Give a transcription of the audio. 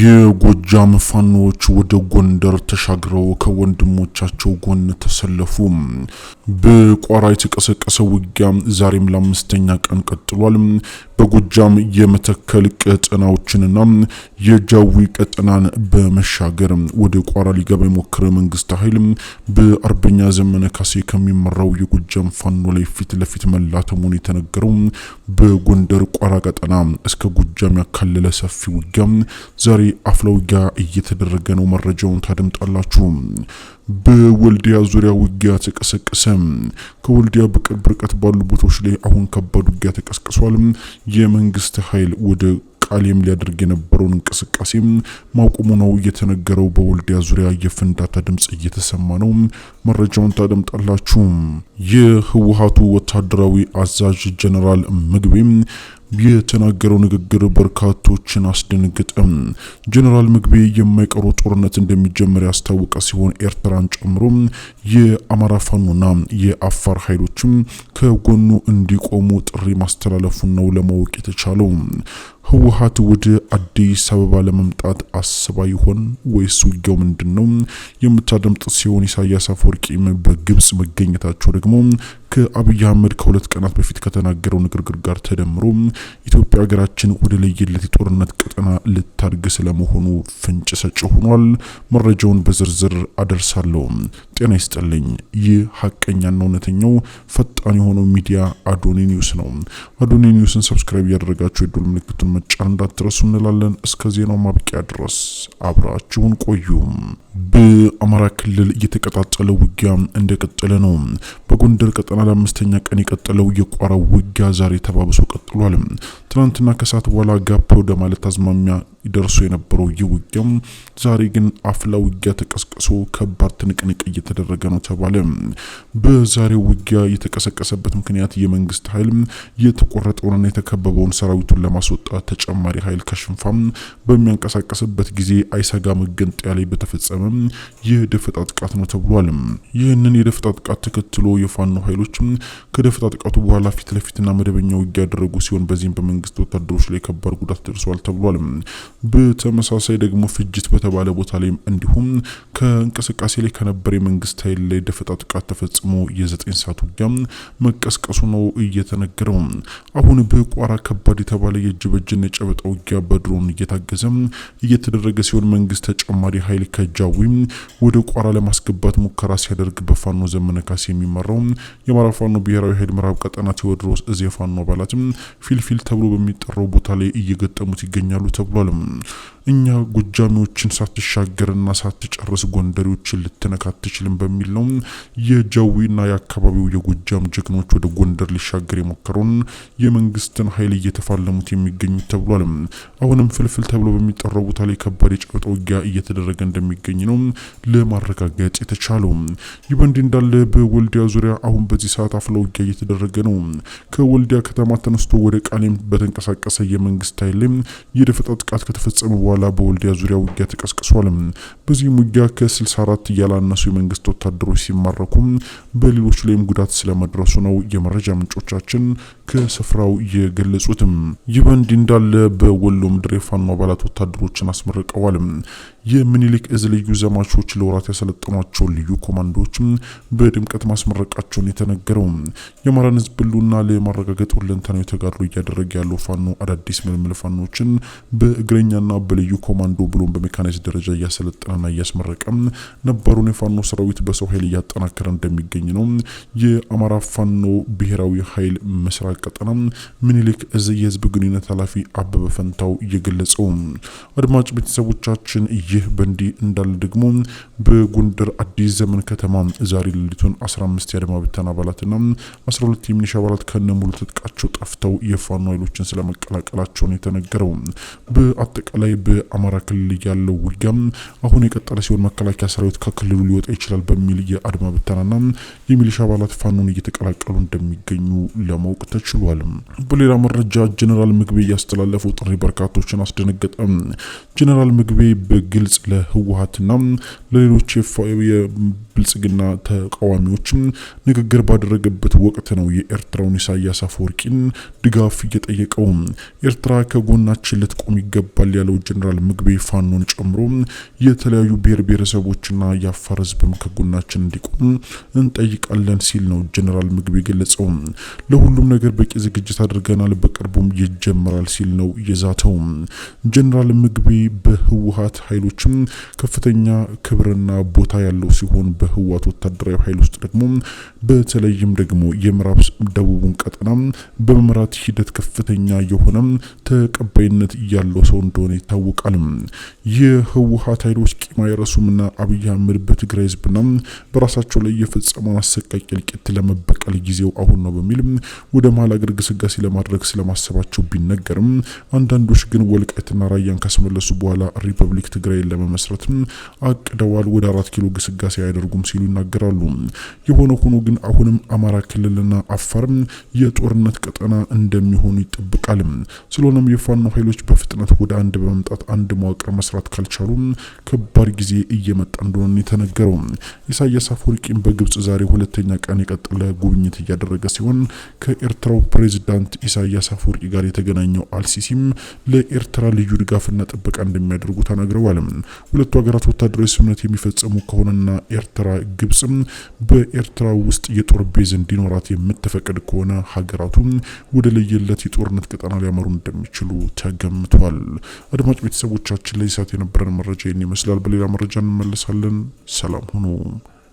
የጎጃም ፋኖዎች ወደ ጎንደር ተሻግረው ከወንድሞቻቸው ጎን ተሰለፉ። በቋራ የተቀሰቀሰ ውጊያ ዛሬም ለአምስተኛ ቀን ቀጥሏል። በጎጃም የመተከል ቀጠናዎችንና የጃዊ ቀጠናን በመሻገር ወደ ቋራ ሊገባ የሞከረ መንግስት ኃይል በአርበኛ ዘመነ ካሴ ከሚመራው የጎጃም ፋኖ ላይ ፊት ለፊት መላተሙን የተነገረው በጎንደር ቋራ ቀጠና እስከ ጎጃም ያካለለ ሰፊ ውጊያ ዛሬ አፍላ ውጊያ እየተደረገ ነው። መረጃውን ታደምጣላችሁ። በወልዲያ ዙሪያ ውጊያ ተቀሰቀሰ። ከወልዲያ በቅርብ ርቀት ባሉ ቦታዎች ላይ አሁን ከባድ ውጊያ ተቀስቅሷል። የመንግስት ኃይል ወደ ቃሌም ሊያደርግ የነበረውን እንቅስቃሴ ማቆሙ ነው እየተነገረው። በወልዲያ ዙሪያ የፍንዳታ ድምፅ እየተሰማ ነው። መረጃውን ታደምጣላችሁ። የህወሀቱ ወታደራዊ አዛዥ ጀነራል ምግቤ የተናገረው ንግግር በርካቶችን አስደንግጠም። ጀኔራል ምግቤ የማይቀሩ ጦርነት እንደሚጀመር ያስታወቀ ሲሆን ኤርትራን ጨምሮ የአማራ ፋኖና የአፋር ኃይሎችም ከጎኑ እንዲቆሙ ጥሪ ማስተላለፉን ነው ለማወቅ የተቻለው። ህወሀት ወደ አዲስ አበባ ለመምጣት አስባ ይሆን ወይስ ውጊያው ምንድን ነው? የምታደምጥ ሲሆን ኢሳያስ አፈወርቂም በግብጽ መገኘታቸው ደግሞ ከአብይ አህመድ ከሁለት ቀናት በፊት ከተናገረው ንግግር ጋር ተደምሮ ኢትዮጵያ ሀገራችን ወደ ለየለት የጦርነት ቀጠና ልታድግ ስለመሆኑ ፍንጭ ሰጭ ሆኗል። መረጃውን በዝርዝር አደርሳለሁ። ጤና ይስጥልኝ። ይህ ሀቀኛና እውነተኛው ፈጣን የሆነው ሚዲያ አዶኒ ኒውስ ነው። አዶኒ ኒውስን ሰብስክራይብ እያደረጋቸው ። የዶል ምልክቱን ምርጫ እንዳትረሱ እንላለን። እስከ ዜናው ማብቂያ ድረስ አብራችሁን ቆዩም። በአማራ ክልል እየተቀጣጠለ ውጊያ እንደቀጠለ ነው። በጎንደር ቀጠና ለአምስተኛ ቀን የቀጠለው የቋራ ውጊያ ዛሬ ተባብሶ ቀጥሏል። ትናንትና ከሰዓት በኋላ ጋፕ ወደ ማለት አዝማሚያ ደርሶ የነበረው ይህ ውጊያም ዛሬ ግን አፍላ ውጊያ ተቀስቅሶ ከባድ ትንቅንቅ እየተደረገ ነው ተባለ። በዛሬው ውጊያ የተቀሰቀሰበት ምክንያት የመንግስት ኃይል የተቆረጠውንና የተከበበውን ሰራዊቱን ለማስወጣት ተጨማሪ ኃይል ከሽንፋም በሚያንቀሳቀስበት ጊዜ አይሰጋ መገንጠያ ላይ በተፈጸመ የደፈጣ ጥቃት ነው ተብሏል። ይህንን የደፈጣ ጥቃት ተከትሎ የፋኖ ኃይሎች ከደፈጣ ጥቃቱ በኋላ ፊት ለፊትና መደበኛ ውጊያ ያደረጉ ሲሆን በዚህም በመንግስት ወታደሮች ላይ ከባድ ጉዳት ደርሷል ተብሏል። በተመሳሳይ ደግሞ ፍጅት በተባለ ቦታ ላይም እንዲሁም ከእንቅስቃሴ ላይ ከነበረ የመንግስት ኃይል ላይ ደፈጣ ጥቃት ተፈጽሞ የዘጠኝ ሰዓት ውጊያ መቀስቀሱ ነው እየተነገረው። አሁን በቋራ ከባድ የተባለ የእጅ በእጅና የጨበጣ ውጊያ በድሮን እየታገዘ እየተደረገ ሲሆን መንግስት ተጨማሪ ኃይል ከጃዊ ወደ ቋራ ለማስገባት ሙከራ ሲያደርግ በፋኖ ዘመነ ካሴ የሚመራው የአማራ ፋኖ ብሔራዊ ኃይል ምዕራብ ቀጠና ቴዎድሮስ እዚ የፋኖ አባላት ፊልፊል ተብሎ በሚጠራው ቦታ ላይ እየገጠሙት ይገኛሉ ተብሏል። እኛ ጎጃሚዎችን ሳትሻገርና ሳትጨርስ ጎንደሬዎችን ልትነካ አትችልም በሚል ነው የጃዊና የአካባቢው የጎጃም ጀግኖች ወደ ጎንደር ሊሻገር የሞከረውን የመንግስትን ኃይል እየተፋለሙት የሚገኙት ተብሏል። አሁንም ፍልፍል ተብሎ በሚጠራው ቦታ ላይ ከባድ የጨበጣ ውጊያ እየተደረገ እንደሚገኝ ነው ለማረጋገጥ የተቻለው። ይህ በእንዲህ እንዳለ በወልዲያ ዙሪያ አሁን በዚህ ሰዓት አፍላ ውጊያ እየተደረገ ነው። ከወልዲያ ከተማ ተነስቶ ወደ ቃሌም በተንቀሳቀሰ የመንግስት ኃይል የደፈጣ ጥቃት ከተፈጸመ በኋላ በኋላ በወልዲያ ዙሪያ ውጊያ ተቀስቅሷል። በዚህም ውጊያ ከ64 ያላነሱ የመንግስት ወታደሮች ሲማረኩ በሌሎች ላይም ጉዳት ስለመድረሱ ነው የመረጃ ምንጮቻችን ከስፍራው የገለጹትም። ይህ በእንዲህ እንዳለ በወሎ ምድር የፋኖ አባላት ወታደሮችን አስመርቀዋል። የምኒልክ እዝ ልዩ ዘማቾች ለወራት ያሰለጠኗቸውን ልዩ ኮማንዶዎች በድምቀት ማስመረቃቸውን የተነገረው የአማራን ህዝብ ህልውና ለማረጋገጥ ሁለንተናዊ ተጋድሎ እያደረገ ያለው ፋኖ አዳዲስ ምልምል ፋኖችን በእግረኛና በልዩ ልዩ ኮማንዶ ብሎም በሜካኒዝ ደረጃ እያሰለጠነና እያስመረቀ ነባሩን የፋኖ ሰራዊት በሰው ኃይል እያጠናከረ እንደሚገኝ ነው የአማራ ፋኖ ብሔራዊ ኃይል ምስራቅ ቀጠና ምኒልክ እዝ የህዝብ ግንኙነት ኃላፊ አበበ ፈንታው እየገለጸው። አድማጭ ቤተሰቦቻችን ይህ በእንዲህ እንዳለ ደግሞ በጎንደር አዲስ ዘመን ከተማ ዛሬ ሌሊቱን 15 የአድማ ብተን አባላትና 12 የሚኒሻ አባላት ከነሙሉ ትጥቃቸው ጠፍተው የፋኖ ኃይሎችን ስለመቀላቀላቸውን የተነገረው በአጠቃላይ በ በአማራ ክልል ያለው ውጊያም አሁን የቀጠለ ሲሆን መከላከያ ሰራዊት ከክልሉ ሊወጣ ይችላል በሚል የአድማ ብተናና የሚሊሻ አባላት ፋኖን እየተቀላቀሉ እንደሚገኙ ለማወቅ ተችሏል። በሌላ መረጃ ጀኔራል ምግቤ እያስተላለፈው ጥሪ በርካቶችን አስደነገጠ። ጀነራል ምግቤ በግልጽ ለህወሀትና ለሌሎች የብልጽግና ተቃዋሚዎችም ንግግር ባደረገበት ወቅት ነው የኤርትራውን ኢሳያስ አፈወርቂን ድጋፍ እየጠየቀው። ኤርትራ ከጎናችን ልትቆም ይገባል ያለው ጀኔራል ምግቤ ፋኖን ጨምሮ የተለያዩ ብሔር ብሔረሰቦችና የአፋር ህዝብም ከጎናችን እንዲቆም እንጠይቃለን ሲል ነው ጀኔራል ምግቤ ገለጸው። ለሁሉም ነገር በቂ ዝግጅት አድርገናል፣ በቅርቡም ይጀምራል ሲል ነው የዛተው ጀነራል ምግቤ በህወሀት ኃይሎችም ከፍተኛ ክብርና ቦታ ያለው ሲሆን በህወሀት ወታደራዊ ኃይል ውስጥ ደግሞ በተለይም ደግሞ የምዕራብ ደቡቡን ቀጠና በመምራት ሂደት ከፍተኛ የሆነ ተቀባይነት ያለው ሰው እንደሆነ ይታወቃል። የህወሀት ኃይሎች ቂም አይረሱምና አብይ አህመድ በትግራይ ህዝብና በራሳቸው ላይ የፈጸመውን አሰቃቂ እልቂት ለመበቀል ጊዜው አሁን ነው በሚል ወደ መሀል አገር ግስጋሴ ለማድረግ ስለማሰባቸው ቢነገርም አንዳንዶች ግን ወልቃይትና ራያን ካስመለሱ በኋላ ሪፐብሊክ ትግራይን ለመመስረትም አቅደዋል። ወደ አራት ኪሎ ግስጋሴ አያደርጉም ሲሉ ይናገራሉ። የሆነ ሆኖ ግን አሁንም አማራ ክልልና አፋርም የጦርነት ቀጠና እንደሚሆኑ ይጠብቃል። ስለሆነም የፋኖ ኃይሎች በፍጥነት ወደ አንድ በመምጣት አንድ መዋቅር መስራት ካልቻሉ ከባድ ጊዜ እየመጣ እንደሆነ የተነገረው ኢሳያስ አፈወርቂም በግብጽ ዛሬ ሁለተኛ ቀን የቀጠለ ጉብኝት እያደረገ ሲሆን ከኤርትራው ፕሬዚዳንት ኢሳያስ አፈወርቂ ጋር የተገናኘው አልሲሲም ለኤርትራ ልዩ ድጋፍና ጥበቃ እንደሚያደርጉ ተናግረዋል። ሁለቱ ሀገራት ወታደራዊ ስምምነት የሚፈጸሙ ከሆነና ኤርትራ ግብጽም በኤርትራ ውስጥ የጦር ቤዝ እንዲኖራት የምትፈቅድ ከሆነ ሀገራቱ ወደ ለየለት የጦርነት ቀጠና ሊያመሩ እንደሚችሉ ተገምቷል። አድማጭ ቤተሰቦቻችን ለዚህ ሰዓት የነበረን መረጃ ይህን ይመስላል። በሌላ መረጃ እንመለሳለን። ሰላም ሁኑ።